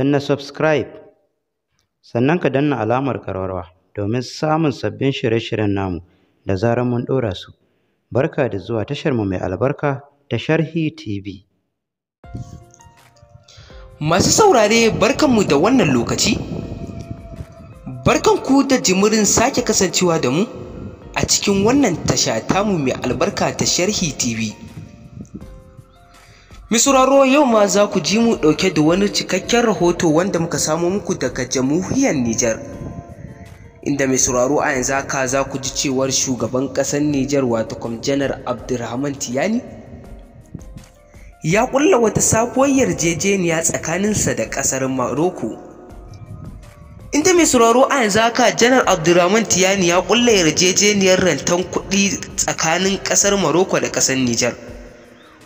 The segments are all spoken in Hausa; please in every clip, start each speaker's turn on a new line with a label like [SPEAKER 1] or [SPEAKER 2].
[SPEAKER 1] na subscribe sannan ka danna alamar karwarwa domin samun sabbin shirye-shiryen namu da zarar mun ɗora su barka da zuwa tashar mu mai albarka ta sharhi tv masu saurare barkanmu da wannan lokaci barkan ku da jimirin sake kasancewa da mu a cikin wannan tasha tamu mai albarka ta sharhi tv Misraro yau ma za ku ji mu ɗauke da wani cikakken rahoto wanda muka samo muku daga jamhuriyar Nijar. Inda misuraro a yanzu haka za ku ji cewar shugaban ƙasar Nijar wato Janar Abdulrahman Tiyani ya ƙulla wata sabuwar yarjejeniya tsakaninsa da ƙasar Maroko. inda mai sauraro a yanzu haka janar Abdurrahman tiyani ya ƙulla yarjejeniyar rantan kuɗi tsakanin ƙasar maroko da ƙasar nijar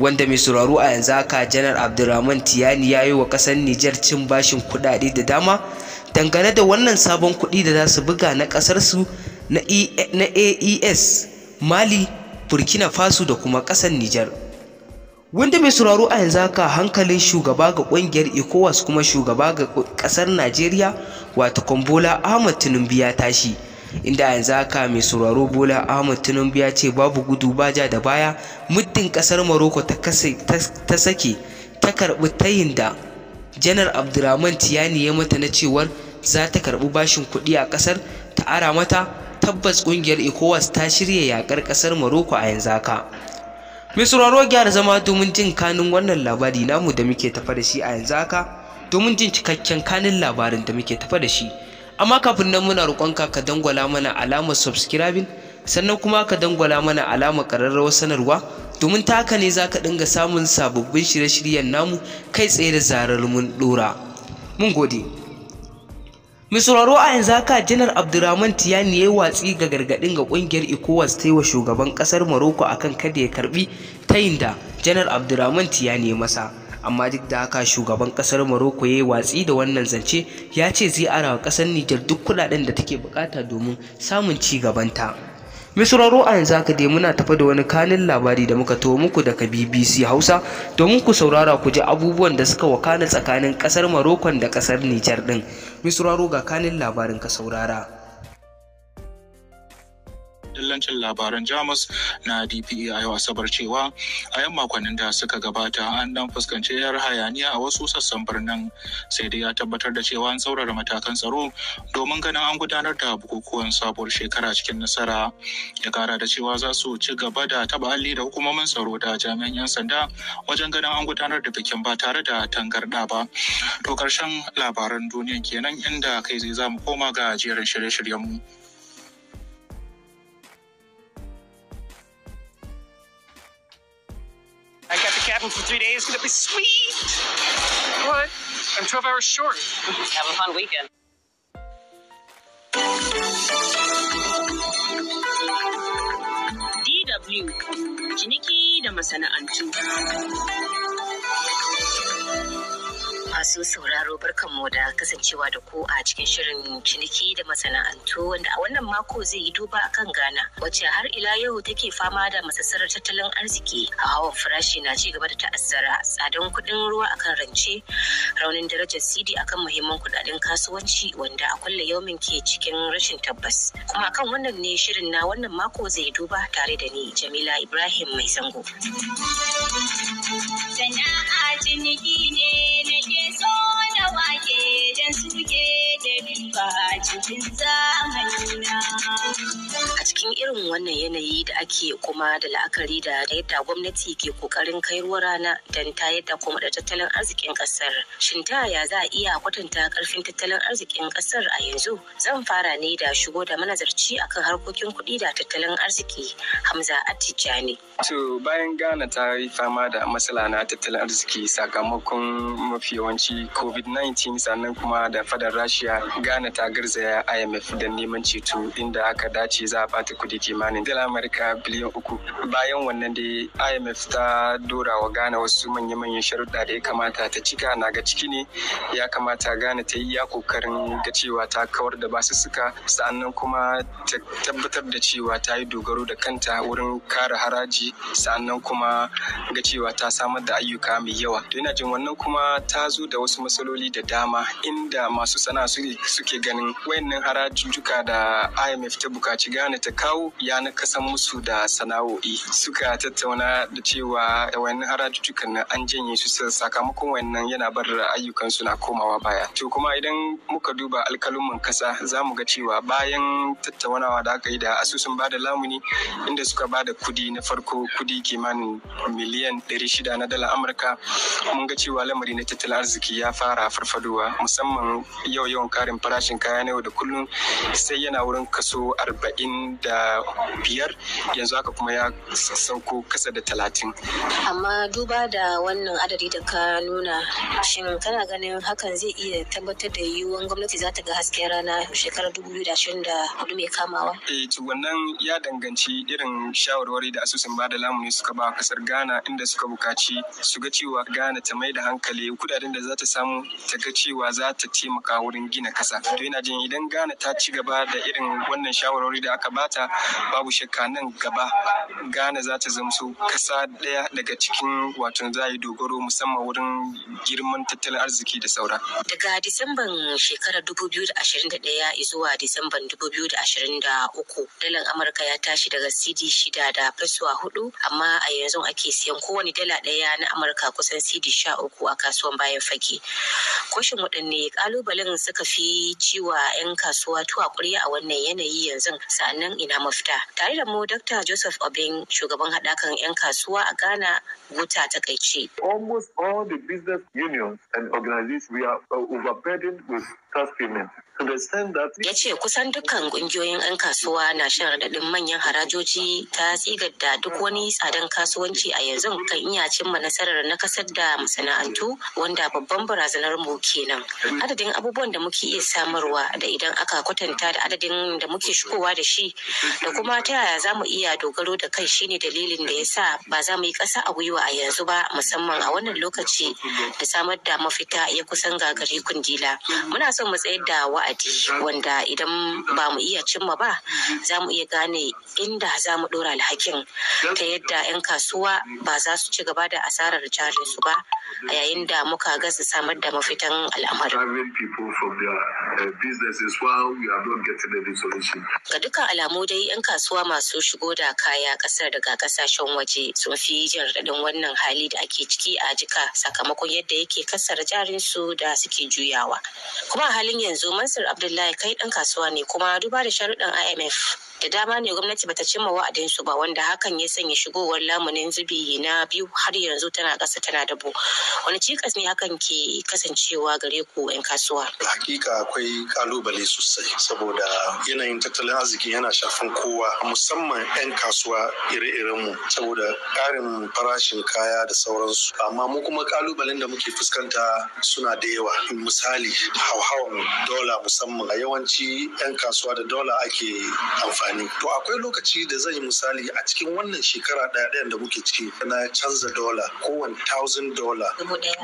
[SPEAKER 1] wanda mai sauraro a yanzu haka janar abdulrahman tiyani ya yi wa ƙasar nijar cin bashin kuɗaɗe da dama dangane da wannan sabon kuɗi da za su buga na su na e, aes mali burkina faso da kuma ƙasar nijar wanda mai sauraro a yanzu haka hankalin shugaba ga ƙungiyar ecowas kuma shugaba ga ƙasar najeriya wato kwambola ahmad tinubu ya tashi inda yanzu haka mai sauraro bola ahmad tinubu ya ce babu gudu ba ja da baya muddin kasar maroko ta sake ta karbi tayin da janar abdulrahman tiyani ya mata na cewar za ta karbi bashin kuɗi a ƙasar ta ara mata tabbas ƙungiyar ecowas ta shirya yakar ƙasar maroko a yanzu haka mai sauraro gyara zama domin jin kanin wannan labari namu da muke tafa da shi a yanzu haka domin jin cikakken kanin labarin da muke tafa da shi amma kafin nan muna roƙonka ka dangwala mana alamar subscribing sannan kuma ka dangwala mana alamar ƙararrawar sanarwa domin ta haka ne za ka dinga samun sababbin shirye-shiryen namu kai tsaye da zarar mun ɗora mun gode mai sauraro a yanzu haka janar abdurrahman tiyani ya yi watsi ga gargaɗin ga ƙungiyar ecowas ta yi wa shugaban ƙasar morocco akan kada ya karɓi ta da janar abdurrahman tiyani ya masa amma duk da haka shugaban kasar Morocco ya watsi da wannan zance ya ce zai ara wa kasar Nijar duk kudaden da take bukata domin samun ci gabanta. ta. a yanzu haka dai muna tafa da wani kanin labari da muka tawo muku daga BBC Hausa domin ku saurara ku ji abubuwan da suka wakana tsakanin kasar Morocco da kasar Nijar din. Misraro ga kanin labarin ka saurara.
[SPEAKER 2] dillancin labaran Jamus na DPA e a yau Asabar cewa a yan makonnin da suka gabata an dan fuskanci yar hayaniya a wasu sassan birnin sai dai ya tabbatar da cewa an saurara matakan tsaro domin ganin an gudanar da bukukuwan sabuwar shekara cikin nasara. Ya kara da cewa za su ci gaba da taba alli da hukumomin tsaro da jami'an 'yan sanda wajen ganin an gudanar da bikin ba tare da tangarɗa ba. To karshen labaran duniya kenan inda kai zai za koma ga jerin shirye-shiryenmu.
[SPEAKER 3] traveling for three days. It's going be sweet. What? I'm 12 hours short. Have a fun weekend. DW, ciniki da masana'antu. masu sauraro barkanmu da kasancewa da ku a cikin shirin ciniki da masana'antu wanda a wannan mako zai yi duba akan Ghana wacce har ila yau take fama da masassarar tattalin arziki a hawan farashi na ci gaba da ta'azzara tsadan kuɗin ruwa akan rance raunin darajar CD akan muhimman kuɗaɗen kasuwanci wanda a kulle yaumin ke cikin rashin tabbas kuma akan wannan ne shirin na wannan mako zai duba tare da ni Jamila Ibrahim mai zango. Sana'a ciniki ne Jinta. a cikin irin wannan yanayi da ake kuma da la'akari da yadda gwamnati ke kokarin kai ruwa rana don ta yadda kuma da tattalin arzikin kasar shin ta ya za a iya kwatanta karfin tattalin arzikin kasar a yanzu zan fara ne da shigo da manazarci akan harkokin kuɗi da tattalin arziki hamza attijani
[SPEAKER 4] to bayan gana ta yi fama da matsala na tattalin arziki sakamakon mafi yawanci covid-19 sannan kuma da fadar rashiya ghana ta garzaya imf don neman ceto inda aka dace za a bata kudi kimanin dala amurka biliyan uku bayan wannan da imf ta dora wa ghana wasu manya-manyan sharuɗa da ya kamata ta cika na ga ciki ne ya kamata ghana ta yi ya kokarin ga cewa ta kawar da basussuka sa'annan kuma ta tabbatar da cewa ta yi dogaro da kanta wurin kare haraji sa'annan kuma ga cewa ta samar da ayyuka mai yawa to ina jin wannan kuma ta zo da wasu matsaloli da dama inda masu sana'a suke ganin wayannan harajujjuka da imf ta bukaci Gane ta kawo ya kasan musu da sana'o'i suka tattauna da cewa wani harajujjukan na an janye su sakamakon wannan yana bar ayyukan su na komawa baya to kuma idan muka duba alkalumin kasa za mu ga cewa bayan tattaunawa da aka yi da asusun bada lamuni inda suka bada kudi na farko kudi kimanin miliyan 600 na dala amurka mun ga cewa lamari na tattalin arziki ya fara farfadowa musamman yau yawan karin farashin kaya na yau da kullum sai yana wurin kaso arba'in da biyar yanzu haka kuma ya sauko kasa da talatin.
[SPEAKER 3] Amma duba da wannan adadi da ka nuna shin kana ganin hakan zai iya tabbatar da yiwuwan gwamnati za ta ga hasken rana shekarar dubu biyu da ashirin da hudu mai kamawa.
[SPEAKER 4] Eh to wannan ya danganci irin shawarwari da asusun bada lamuni suka ba kasar Ghana inda suka bukaci su ga cewa Ghana ta mai da hankali kudaden da za ta samu ta ga cewa za ta taimaka wurin gina kasa. To ina jin idan Ghana ta ci gaba da irin wannan shawarwari da aka bata babu shakka nan gaba ghana za ta zamso kasa daya daga cikin wato za yi dogaro musamman wurin girman tattalin arziki da saura
[SPEAKER 3] daga disamban shekarar 2021 zuwa disamban 2023 dalar amurka ya tashi daga cd shida da fasuwa hudu amma a yanzu ake siyan kowane dala daya na amurka kusan cd sha uku a kasuwan bayan fage koshin waɗanne kalubalen suka fi ciwa 'yan kasuwa tuwa kurya a wannan yanayi yanzu sannan ina mafita tare da mu dr joseph obin shugaban haɗakan 'yan kasuwa a ghana wuta ta kaici
[SPEAKER 5] almost all the business unions and organizations we are overburdened with tax payments
[SPEAKER 3] yace kusan dukkan kungiyoyin 'yan kasuwa na shan raɗaɗin manyan harajoji ta tsigar da duk wani tsadan kasuwanci a yanzu kan iya cimma nasarar na kasar da masana'antu wanda babban barazanar mu kenan. Adadin abubuwan da muke iya samarwa da idan aka kwatanta da adadin da muke shigowa da shi da kuma ta yaya za mu iya dogaro da kai shine dalilin da ya sa ba za mu yi ƙasa a gwiwa a yanzu ba musamman a wannan lokaci da samar da mafita ya kusan gagari kundila. Muna son mu tsayar da wa'azi wa'adi wanda idan ba mu iya cimma ba za mu iya gane inda za mu ɗora alhakin ta yadda 'yan kasuwa ba za su ci gaba da asarar jarinsu ba a yayin da muka gasa samar da mafitan al'amarin.
[SPEAKER 5] Uh,
[SPEAKER 3] ga dukkan alamu dai 'yan kasuwa masu shigo da kaya kasar daga kasashen waje sun fi jin raɗaɗin wannan hali da ake ciki a jika sakamakon yadda yake kasar jarin su da suke juyawa. Kuma a halin yanzu Mansur Abdullahi kai ɗan kasuwa ne kuma duba da sharuɗin IMF. da dama ne gwamnati bata cimma wa'adinsu ba wanda hakan ya sanya shigowar lamunin zubi na biyu har yanzu tana ƙasa tana dabo wani cikas ne hakan ke kasancewa gare ku 'yan kasuwa
[SPEAKER 5] hakika akwai kalubale sosai saboda yanayin tattalin arziki yana shafan kowa musamman 'yan kasuwa ire-iren mu saboda ƙarin farashin kaya da sauransu amma mu kuma kalubalen da muke fuskanta suna da yawa misali hauhawan dola musamman a yawanci 'yan kasuwa da dola ake amfani amfani to akwai lokaci da zan yi misali a cikin wannan shekara ɗaya ɗayan da muke ciki na canza dola kowane thousand dola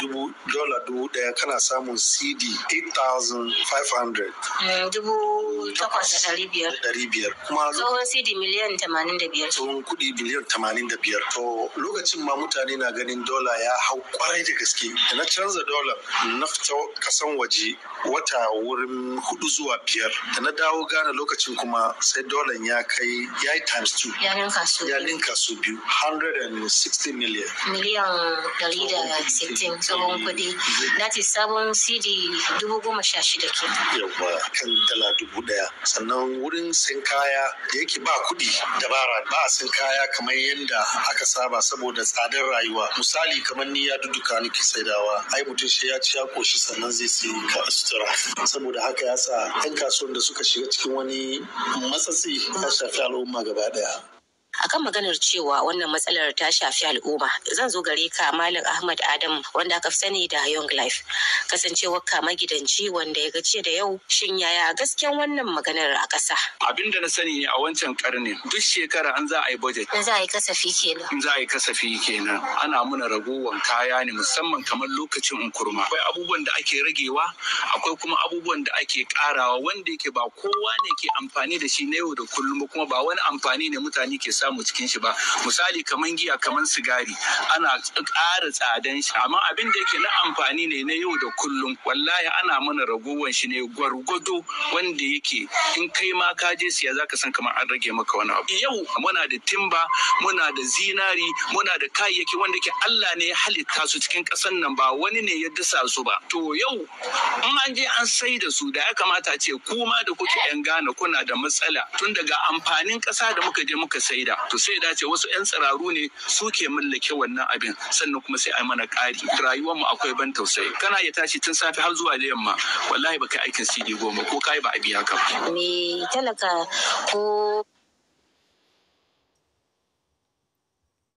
[SPEAKER 5] dubu dola dubu ɗaya kana samun cd 8500
[SPEAKER 3] mm, dubu takwas da ɗari biyar.
[SPEAKER 5] Dari biyar. Kuma tsohon
[SPEAKER 3] CD miliyan tamanin da biyar.
[SPEAKER 5] Tsohon kuɗi miliyan tamanin da biyar. To lokacin ma mutane na ganin dola ya hau kwarai da gaske. Da na canza dola na fita kasan waje wata wurin hudu zuwa biyar. Da na dawo gane lokacin kuma sai dolan ya kai ya yi times two. Ya ninka su biyu. Ya ninka su biyu. "Hundred and sixty million.
[SPEAKER 3] Miliyan dari da sittin tsohon kuɗi. That sabon CD dubu goma sha shida ke.
[SPEAKER 5] Yawwa kan dala dubu ɗaya. daya sannan wurin sin kaya da yake ba kuɗi dabara ba a sin kaya kamar yadda aka saba saboda tsadar rayuwa misali kamar ni ya duduka nake saidawa ai mutum shi ya ci ya koshi sannan zai sai ka sutura saboda haka ya sa 'yan kasuwan da suka shiga cikin wani
[SPEAKER 3] matsatsi ya shafi al'umma gaba daya akan maganar cewa wannan matsalar ta shafi al'umma zan zo gare ka malam ahmad adam wanda aka sani da young life kasancewar ka magidanci wanda ya gace da yau shin yaya gasken wannan maganar a ƙasa abin
[SPEAKER 2] da na sani ne a wancan karni duk shekara an za a yi budget in za
[SPEAKER 3] a yi kasafi kenan
[SPEAKER 2] in za a yi kasafi kenan ana muna ragowar kaya ne musamman kamar lokacin unkurma akwai abubuwan da ake ragewa akwai kuma abubuwan da ake karawa wanda yake ba kowa ne ke amfani da shi na yau da kullum kuma ba wani amfani ne mutane ke samu samu cikin shi ba misali kamar giya kaman sigari ana ƙara tsadan shi amma abin da yake na amfani ne na yau da kullum wallahi ana mana ragowan shi ne gwargwado wanda yake in kai ma ka je siya za ka san kamar an rage maka wani abu yau muna da timba muna da zinari muna da kayayyaki wanda ke Allah ne ya halitta su cikin ƙasar nan ba wani ne ya dasa su ba to yau in an je an sai da su da ya kamata ce kuma da kuke yan gane kuna da matsala tun daga amfanin ƙasa da muka je muka saida to sai dace wasu 'yan tsiraru ne suke mallake wannan abin sannan kuma sai ai mana ƙari rayuwar mu akwai ban tausayi kana iya tashi tun safe har zuwa da yamma wallahi baka aikin CD goma ko kai ba a biya ka
[SPEAKER 3] ni talaka ko